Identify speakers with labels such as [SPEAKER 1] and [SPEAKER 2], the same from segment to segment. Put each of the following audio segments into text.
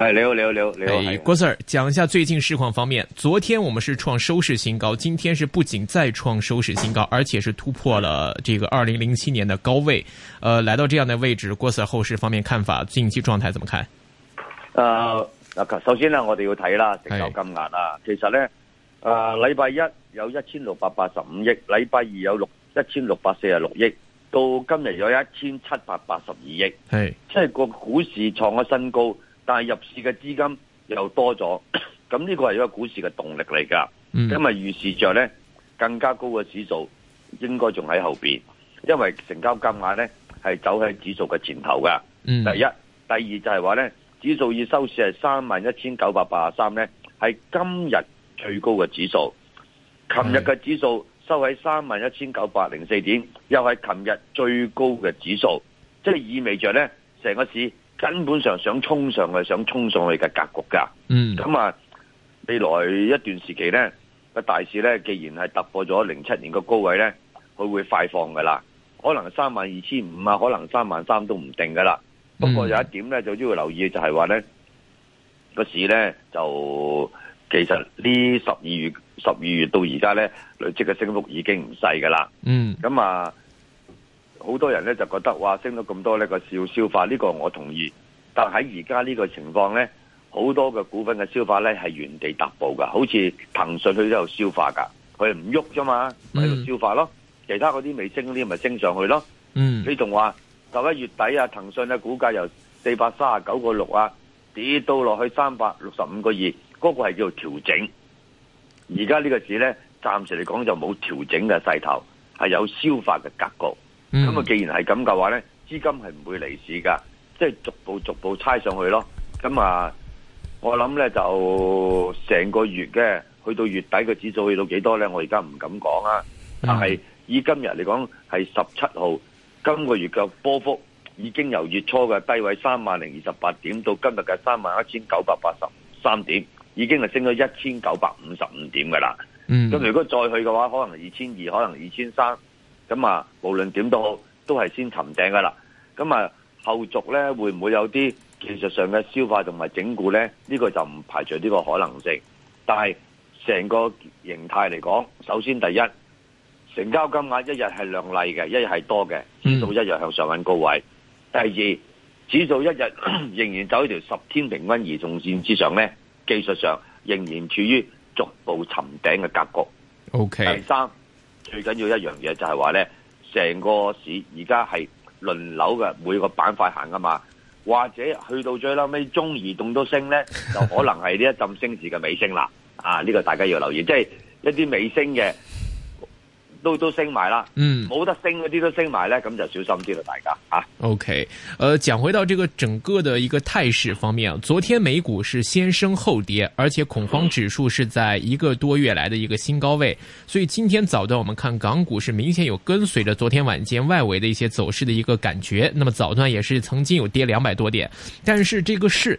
[SPEAKER 1] 誒，你好，你好，你好，
[SPEAKER 2] 郭 Hey, 哥 Sir，講一下最近市況方面。昨天我們是創收市新高，今天是不僅再創收市新高，而且是突破了這個二零零七年的高位，呃，來到這樣的位置。郭 Sir 後市方面看法，近期狀態怎麼看？
[SPEAKER 1] 呃，首先呢，我哋要睇啦成交金額啊，其實呢，呃禮拜一有一千六百八十五億，禮拜二有六一千六百四十六億，到今日有一千七百八十二億，係 Hey. 即係個股市創咗新高。但係入市嘅資金又多咗，咁呢個係一個股市嘅動力嚟噶，嗯、因為預示着呢，更加高嘅指數應該仲喺後邊，因為成交金額呢係走喺指數嘅前頭噶。嗯、第一、第二就係話呢，指數以收市係三萬一千九百八十三呢，係今日最高嘅指數。琴日嘅指數收喺三萬一千九百零四點，又係琴日最高嘅指數，即係意味着呢，成個市。根本上想衝上去，想衝上去嘅格局噶。嗯，咁啊，未來一段時期咧，個大市咧，既然係突破咗零七年個高位咧，佢會快放噶啦。可能三萬二千五啊，可能三萬三都唔定噶啦。嗯，不過有一點咧，就要留意就係話咧，個市咧就其實呢十二月十二月，到而家咧累積嘅升幅已經唔細噶啦。
[SPEAKER 3] 嗯，
[SPEAKER 1] 咁啊。好多人咧就覺得哇，升咗咁多，呢個要消化呢，呢個我同意，但喺而家呢個情況咧，好多嘅股份嘅消化咧係原地踏步噶，好似騰訊佢都喺度消化噶，佢唔喐啫嘛喺度消化咯，其他嗰啲未升呢啲咪升上去咯。嗯，你仲話十一月底啊，騰訊嘅股價由四百三十九個六啊跌到落去三百六十五個二，嗰個係叫做調整。而家呢個市咧暫時嚟講就冇調整嘅勢頭，係有消化嘅格局。咁啊，嗯、既然係咁嘅話咧，資金係唔會離市噶，即、就、係、是、逐步逐步猜上去咯。咁啊，我諗咧就成個月嘅，去到月底嘅指數去到幾多咧？我而家唔敢講啦。嗯、但係以今日嚟講，係十七號，今個月嘅波幅已經由月初嘅低位三萬零二十八點，到今日嘅三萬一千九百八十三點，已經係升咗一千九百五十五點噶啦。咁、嗯、如果再去嘅話，可能二千二，可能二千三。咁啊，無論點都好，都係先尋頂噶啦。咁啊，後續咧會唔會有啲技術上嘅消化同埋整固咧？呢、呢個就唔排除呢個可能性。但係成個形態嚟講，首先第一，成交金額一日係亮麗嘅，一日係多嘅，指數一日向上揾高位。嗯、第二，指數一日咳咳仍然走喺條十天平均移動線之上咧，技術上仍然處於逐步尋頂嘅格局。OK，第三。最緊要一樣嘢就係話咧，成個市而家係輪流嘅每個板塊行噶嘛，或者去到最後尾中移動都升咧，就可能係呢一陣升市嘅尾聲啦。啊，呢、這個大家要留意，即、就、係、是、一啲尾聲嘅。都都升埋啦，嗯，冇得升嗰啲都升埋咧，咁就小心啲啦，大家
[SPEAKER 2] 啊。OK，呃，講回到這個整個的一個態勢方面，昨天美股是先升後跌，而且恐慌指數是在一個多月來的一個新高位，所以今天早段我們看港股是明顯有跟隨着昨天晚間外圍的一些走勢的一個感覺，那麼早段也是曾經有跌兩百多點，但是這個市。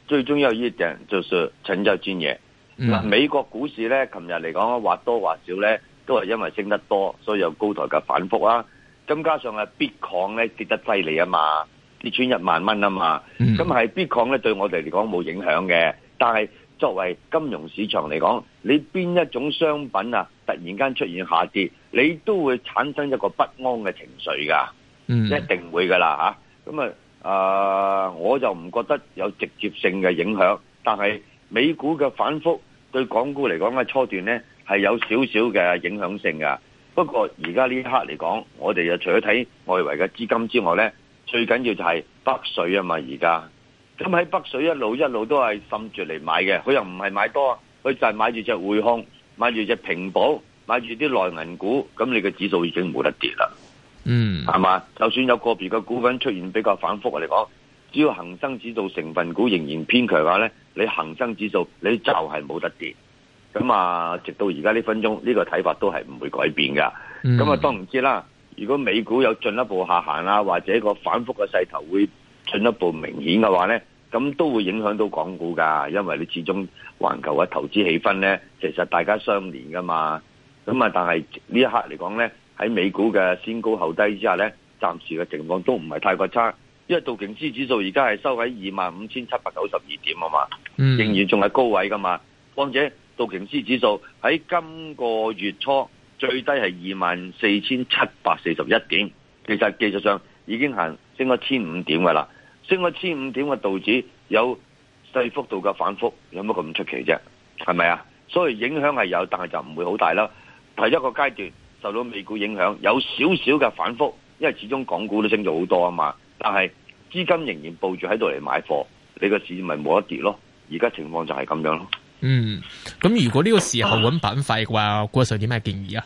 [SPEAKER 1] 最重要有一樣就係尋找專業。
[SPEAKER 3] 嗱、嗯，美
[SPEAKER 1] 國股市咧，琴日嚟講或多或少咧，都係因為升得多，所以有高台嘅反覆啦。咁加上啊，Bitcoin 咧跌得犀利啊嘛，跌穿一萬蚊啊嘛。咁係、嗯、Bitcoin 咧對我哋嚟講冇影響嘅，但係作為金融市場嚟講，你邊一種商品啊，突然間出現下跌，你都會產生一個不安嘅情緒㗎，嗯、一定會㗎啦嚇。咁啊～、嗯啊，uh, 我就唔覺得有直接性嘅影響，但係美股嘅反覆對港股嚟講嘅初段呢，係有少少嘅影響性噶。不過而家呢一刻嚟講，我哋就除咗睇外圍嘅資金之外呢，最緊要就係北水啊嘛而家。咁喺北水一路一路都係滲住嚟買嘅，佢又唔係買多，佢就係買住隻匯控，買住隻平保，買住啲內銀股，咁你嘅指數已經冇得跌啦。嗯，係嘛？就算有個別嘅股份出現比較反覆嚟講，只要恒生指數成分股仍然偏強嘅話咧，你恒生指數你就係冇得跌。咁啊，直到而家呢分鐘呢個睇法都係唔會改變噶。咁啊，當然知啦。如果美股有進一步下行啊，或者個反覆嘅勢頭會進一步明顯嘅話咧，咁都會影響到港股噶。因為你始終環球嘅投資氣氛咧，其實大家相連噶嘛。咁啊，但係呢一刻嚟講咧。喺美股嘅先高後低之下咧，暫時嘅情況都唔係太過差，因為道瓊斯指數而家係收喺二萬五千七百九十二點啊嘛，嗯、仍然仲係高位噶嘛。況且道瓊斯指數喺今個月初最低係二萬四千七百四十一點，其實技術上已經行升咗千五點噶啦，升咗千五點嘅道指有細幅度嘅反覆，有乜咁出奇啫？係咪啊？所以影響係有，但係就唔會好大啦。第一個階段。受到美股影響，有少少嘅反覆，因為始終港股都升咗好多啊嘛。但係資金仍然佈住喺度嚟買貨，你個市咪冇得跌咯。而家情況就係咁樣咯。嗯，
[SPEAKER 2] 咁如果呢個時候揾板塊嘅話，郭生、啊、有咩建議啊？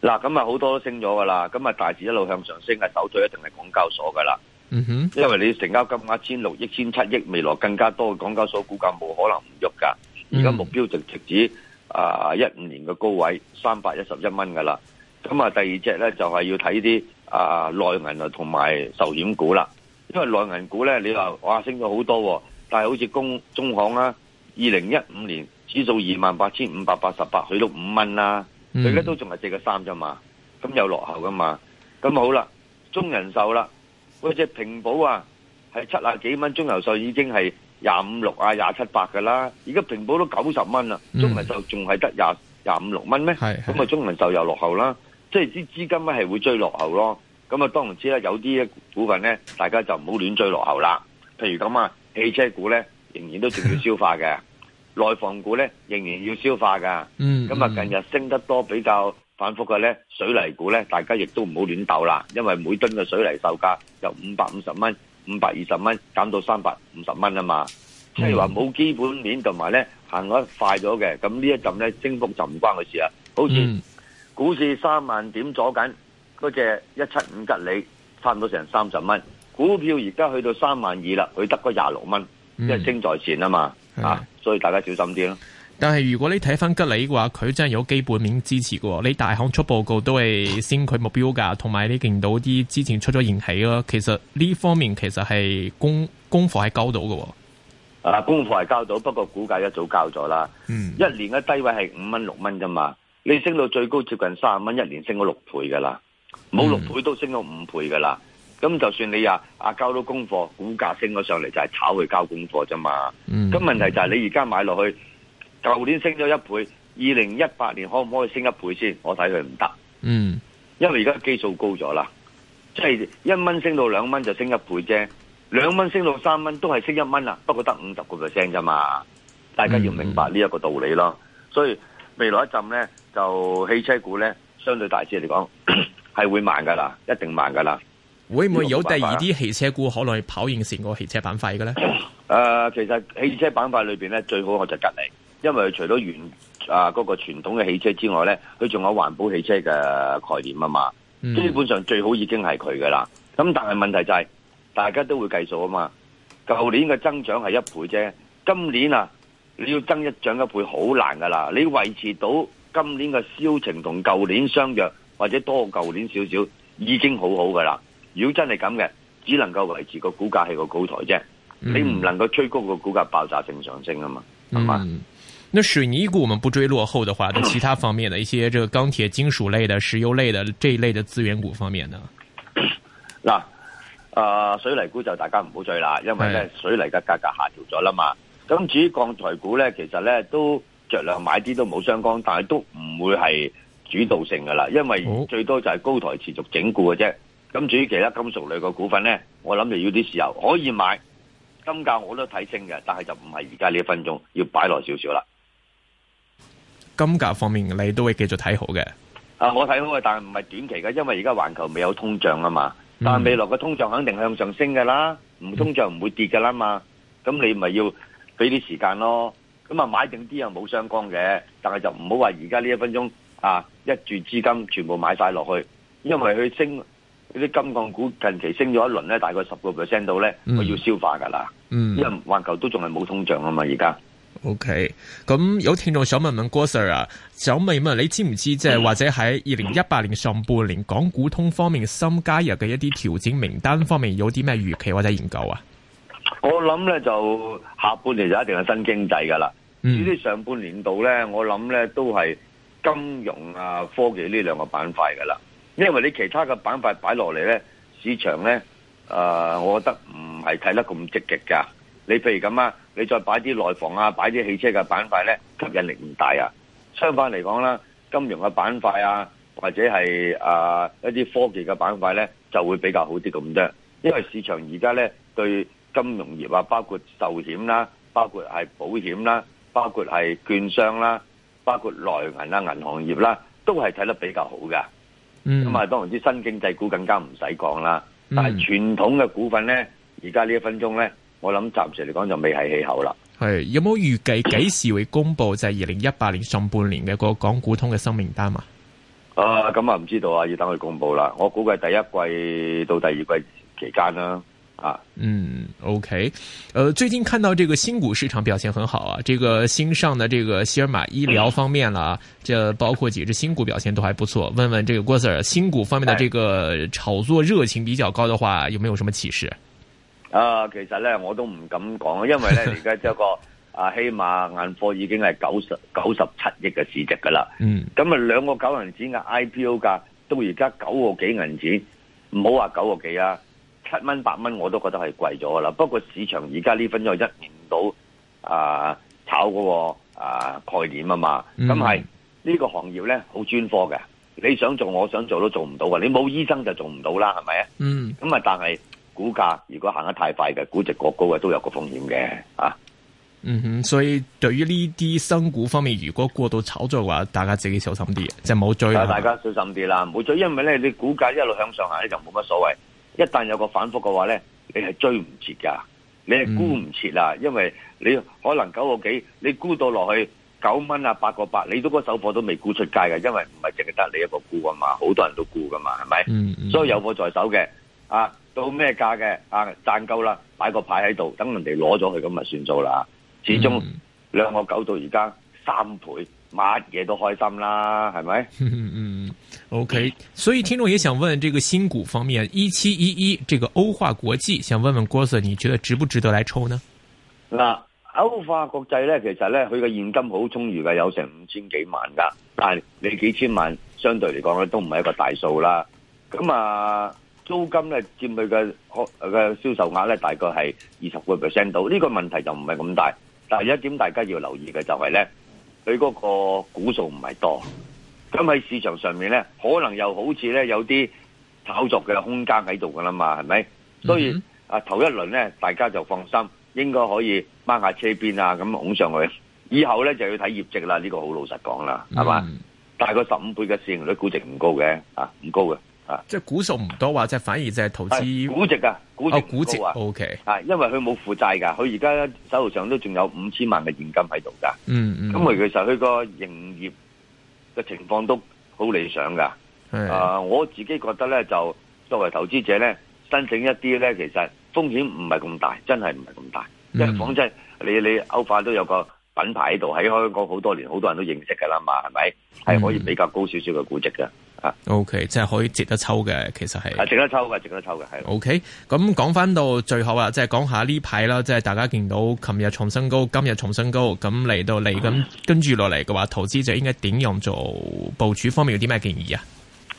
[SPEAKER 1] 嗱，咁啊好多都升咗噶啦，咁啊大市一路向上升，係走咗一定係港交所噶啦。嗯哼，因為你成交金額千六億、千七億，未來更加多，嘅港交所股價冇可能唔喐噶。而家、嗯、目標就直指。啊！一五年嘅高位三百一十一蚊噶啦，咁啊第二隻咧就係、是、要睇啲啊內銀啊同埋壽險股啦，因為內銀股咧你話哇升咗好多、啊，但係好似工中行啦、啊，二零一五年指數二萬八千五百八十八，去到五蚊啊，佢、嗯、而家都仲係值個三啫嘛，咁又落後噶嘛，咁好啦，中人壽啦，嗰隻平保啊，係七啊幾蚊，中游壽已經係。廿五六啊，廿七八噶啦，而家平保都九十蚊啦，嗯、中文就仲係得廿廿五六蚊咩？咁啊、嗯，中文就又落後啦，即係啲資金咧係會追落後咯。咁啊，當然知啦，有啲股份咧，大家就唔好亂追落後啦。譬如咁啊，汽車股咧仍然都仲要消化嘅，內 房股咧仍然要消化噶。咁啊，近日升得多比較反覆嘅咧，水泥股咧，大家亦都唔好亂鬥啦，因為每噸嘅水泥售價有五百五十蚊。五百二十蚊減到三百五十蚊啊嘛，即係話冇基本面同埋咧行得快咗嘅，咁呢一陣咧升幅就唔關佢事啊。好似股市三萬點阻緊嗰隻一七五吉利，差唔多成三十蚊。股票而家去到三萬二啦，佢得嗰廿六蚊，即係升在前啊嘛，的啊，所以大家小心啲啦。
[SPEAKER 2] 但係如果你睇翻吉利嘅話，佢真係有基本面支持喎。你大行出報告都係升佢目標㗎，同埋你見到啲之前出咗研起咯。其實呢方面其實係功功課係交到㗎，
[SPEAKER 1] 啊功課係交到，不過股價一早交咗啦。嗯，一年嘅低位係五蚊六蚊啫嘛，你升到最高接近三十蚊，一年升咗六倍噶啦，冇六倍都升到五倍噶啦。咁、嗯、就算你啊啊交到功課，股價升咗上嚟就係炒去交功課啫嘛。咁、嗯、問題就係你而家買落去。舊年升咗一倍，二零一八年可唔可以升一倍先？我睇佢唔得，嗯，因為而家基數高咗啦，即係一蚊升到兩蚊就升一倍啫，兩蚊升到三蚊都係升一蚊啦，不過得五十個 percent 咋嘛？大家要明白呢一
[SPEAKER 2] 個道理咯，嗯、
[SPEAKER 1] 所以未來一陣咧，就汽車股咧相對大市嚟講係會慢噶啦，一定慢噶啦。會唔會有第二啲汽
[SPEAKER 2] 車股可能去跑贏成個汽車板塊嘅咧？
[SPEAKER 1] 誒、呃，其實汽車板塊裏邊咧最好我就吉利因為除咗原啊嗰、那個傳統嘅汽車之外咧，佢仲有環保汽車嘅概念啊嘛。嗯、基本上最好已經係佢噶啦。咁但係問題就係、是、大家都會計數啊嘛。舊年嘅增長係一倍啫，今年啊你要增一漲一倍好難噶啦。你維持到今年嘅銷情同舊年相若，或者多舊年少少已經很好好噶啦。如果真係咁嘅，只能夠維持個股價係個高台啫。嗯、你唔能夠吹高個股價爆炸性上升啊嘛，係嘛、嗯？
[SPEAKER 3] 吧
[SPEAKER 2] 那水泥股，我們不追落後的話，那其他方面的一些這個鋼鐵、金屬類的、石油類的這一類的資源股方面呢？
[SPEAKER 1] 嗱，誒，水泥股就大家唔好追啦，因為咧水泥嘅價格下調咗啦嘛。咁的至於鋼材股咧，其實咧都着量買啲都冇相干，但係都唔會係主導性噶啦，因為最多就係高台持續整固嘅啫。咁、哦、至於其他金屬類嘅股份咧，我諗就要啲時候可以買，金價我都睇清嘅，但係就唔係而家呢一分鐘要擺落少少啦。
[SPEAKER 2] 金價方面，你都會繼續睇好嘅？
[SPEAKER 1] 啊，我睇好嘅。但係唔係短期嘅，因為而家環球未有通脹啊嘛。嗯、但係未來嘅通脹肯定向上升㗎啦，唔通脹唔會跌㗎啦、嗯、嘛。咁你咪要俾啲時間咯。咁啊，買定啲又冇相干嘅，但係就唔好話而家呢一分鐘啊，一注資金全部買晒落去，因為佢升嗰啲金礦股近期升咗一輪咧，大概十個 percent 度咧，佢要消化噶啦。嗯。因為環球都仲係冇通脹啊嘛，而家。
[SPEAKER 2] O K，咁有聽眾想問問郭 Sir 啊，想問問，你知唔知即係或者喺二零一八年上半年港股通方面新加入嘅一啲調整名單方面有啲咩預期或者研究啊？
[SPEAKER 1] 我諗咧就下半年就一定係新經濟噶啦，嗯、至於上半年度咧，我諗咧都係金融啊、科技呢兩個板塊噶啦，因為你其他嘅板塊擺落嚟咧，市場咧，誒、呃，我覺得唔係睇得咁積極噶你譬如咁啊，你再擺啲內房啊，擺啲汽車嘅板塊咧，吸引力唔大啊。相反嚟講啦，金融嘅板塊啊，或者係啊一啲科技嘅板塊咧，就會比較好啲咁啫。因為市場而家咧對金融業啊，包括壽險啦，包括係保險啦、啊，包括係券商啦、啊，包括內銀啦，銀行業啦、啊，都係睇得比較好嘅。
[SPEAKER 2] 咁啊、
[SPEAKER 1] 嗯，當然啲新經濟股更加唔使講啦。但係傳統嘅股份咧，而家呢一分鐘咧。我諗暫時嚟講就未係氣候啦。
[SPEAKER 2] 係有冇預計幾時會公布？就係二零一八年上半年嘅嗰個港股通嘅新名單嘛？
[SPEAKER 1] 啊，咁啊唔知道啊，要等佢公布啦。我估計第一季到第二季期間啦。啊，
[SPEAKER 2] 嗯，OK，呃、嗯嗯、最近看到這個新股市場表現很好啊，這個新上的這個希爾瑪醫療方面啦、啊，這包括幾隻新股表現都還不錯。問問這個郭 Sir，新股方面的這個炒作熱情比較高的話，有沒有什麼啟示？啊，
[SPEAKER 1] 其實咧我都唔敢講，因為咧而家即係個啊，希瑪眼科已經係九十九十七億嘅市值噶啦。嗯，咁啊兩個九銀紙嘅 IPO 價到而家九個幾銀紙，唔好話九個幾啊，七蚊八蚊我都覺得係貴咗噶啦。不過市場而家呢分咗一年到啊炒個啊概念啊嘛，咁係呢個行業咧好專科嘅，你想做我想做都做唔到㗎，你冇醫生就做唔到啦，係咪啊？嗯，咁啊但係。股價如果行得太快嘅，估值過高嘅都有個風險嘅啊。嗯
[SPEAKER 2] 哼，所以對於呢啲新股方面，如果過度炒作嘅話，大家自己小心啲，即係唔好追。大家
[SPEAKER 1] 小心啲啦，唔好追，因為咧你股價一路向上行咧就冇乜所謂。一旦有個反覆嘅話咧，你係追唔切噶，你係沽唔切啦。嗯、因為你可能九個幾，你沽到落去九蚊啊，八個八，你都嗰手貨都未沽出街㗎。因為唔係淨係得你一個沽啊嘛，好多人都沽噶嘛，係咪？嗯嗯。所以有貨在手嘅啊。到咩價嘅啊賺夠啦，擺個牌喺度，等人哋攞咗佢咁咪算數啦。始終兩個九到而家三倍，乜嘢都開心啦，係咪？嗯
[SPEAKER 2] 嗯嗯，OK。所以聽眾也想問，這個新股方面，一七一一，這個歐化國際，想問問郭 Sir，你覺得值不值得來抽呢？
[SPEAKER 1] 嗱，歐化國際咧，其實咧佢嘅現金好充裕嘅，有成五千幾萬噶，但係你幾千萬相對嚟講咧，都唔係一個大數啦。咁啊。租金咧佔佢嘅嘅銷售額咧，大概係二十個 percent 度。呢個問題就唔係咁大，但係一點大家要留意嘅就係咧，佢嗰個股數唔係多，咁喺市場上面咧，可能又好似咧有啲炒作嘅空間喺度噶啦嘛，係咪？所以、mm hmm. 啊，頭一輪咧，大家就放心，應該可以掹下車邊啊，咁拱上去。以後咧就要睇業績啦，呢個好老實講啦，係嘛、mm hmm.？大概十五倍嘅市盈率，估值唔高嘅啊，唔
[SPEAKER 2] 高嘅。啊！即係估數唔多話，即反而就係投資估值噶，估值 O K 啊，啊哦 okay、
[SPEAKER 1] 因為佢冇負債噶，佢而家手頭上都仲有五千萬嘅現金喺度噶。
[SPEAKER 2] 嗯
[SPEAKER 1] 嗯，咁其實佢個營業嘅情況都好理想噶。的啊，我自己覺得咧，就作為投資者咧，申請一啲咧，其實風險唔係咁大，真係唔係咁大。因為講真，你你歐化都有個品牌喺度，喺香港好多年，好多人都認識噶啦嘛，係咪？係可以比較高少少嘅估值噶。
[SPEAKER 2] O、okay, K，即係可以值得抽嘅，其實係，值
[SPEAKER 1] 得抽嘅，值得抽嘅，係。
[SPEAKER 2] O K，咁講翻到最後啊，即係講下呢排啦，即係大家見到，琴日重新高，今日重新高，咁嚟到嚟，咁跟住落嚟嘅話，投資者應該點樣用做部署方面，有啲咩建議啊？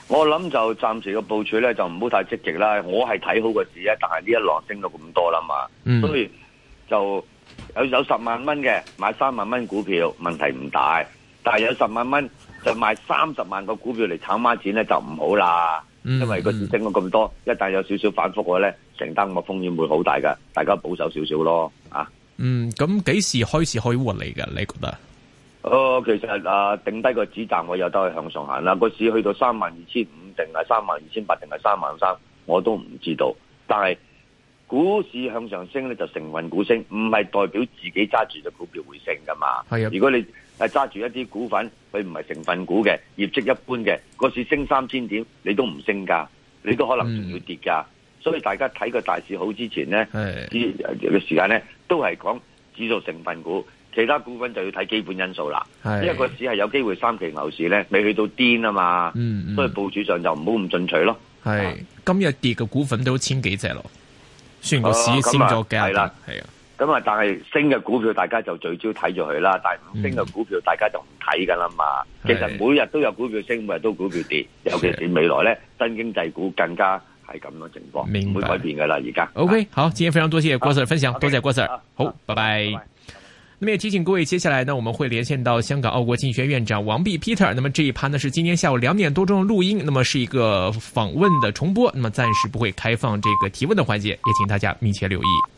[SPEAKER 1] 我諗就暫時個部署咧，就唔好太積極啦。我係睇好個市啊，但係呢一浪升到咁多啦嘛，嗯、所以就有有十萬蚊嘅買三萬蚊股票，問題唔大，但係有十萬蚊。就賣三十萬個股票嚟炒孖錢咧，就唔好啦，
[SPEAKER 3] 因
[SPEAKER 2] 為個
[SPEAKER 1] 市升咗咁多，一旦有少少反覆嘅話咧，承擔個風險會好大噶，大家保守少少咯，啊，
[SPEAKER 2] 嗯，咁幾時開始可以獲利㗎？你覺得？
[SPEAKER 1] 哦，其實啊，頂低個止賺我又都係向上行啦，個市去到三萬二千五，定係三萬二千八，定係三萬三，我都唔知道。但係股市向上升咧，就成份股升，唔係代表自己揸住隻股票會升噶嘛。係啊的，如果你揸住一啲股份。佢唔係成分股嘅，業績一般嘅，個市升三千點，你都唔升價，你都可能仲要跌㗎。嗯、所以大家睇個大市好之前咧，啲嘅是時間咧，都係講指數成分股，其他股份就要睇基本因素啦。是因為個市係有機會三期牛市咧，未去到癲啊嘛，嗯嗯、所以部署上就唔好咁進取咯。
[SPEAKER 2] 係今日跌嘅股份都千幾隻咯，雖然個市升咗嘅係啦。
[SPEAKER 1] 咁啊，但係升嘅股票，大家就聚焦睇咗佢啦。但係唔升嘅股票，大家就唔睇噶啦嘛。嗯、其實每日都有股票升，每日都股票跌，尤其是未來呢，新的經濟股更加係咁嘅情況，唔會白改變噶啦。而家
[SPEAKER 2] OK，好，今天非常多謝郭 Sir 分享，啊、多謝郭 Sir。啊、好，啊、拜拜。咁、啊啊、拜麼也提醒各位，接下來呢，我們會連線到香港奧國經濟學院院長王弼 Peter。咁麼這一趴呢，是今天下午兩點多鐘的錄音，咁麼是一個訪問的重播，咁麼暫時不會開放這個提問嘅環節，也請大家密切留意。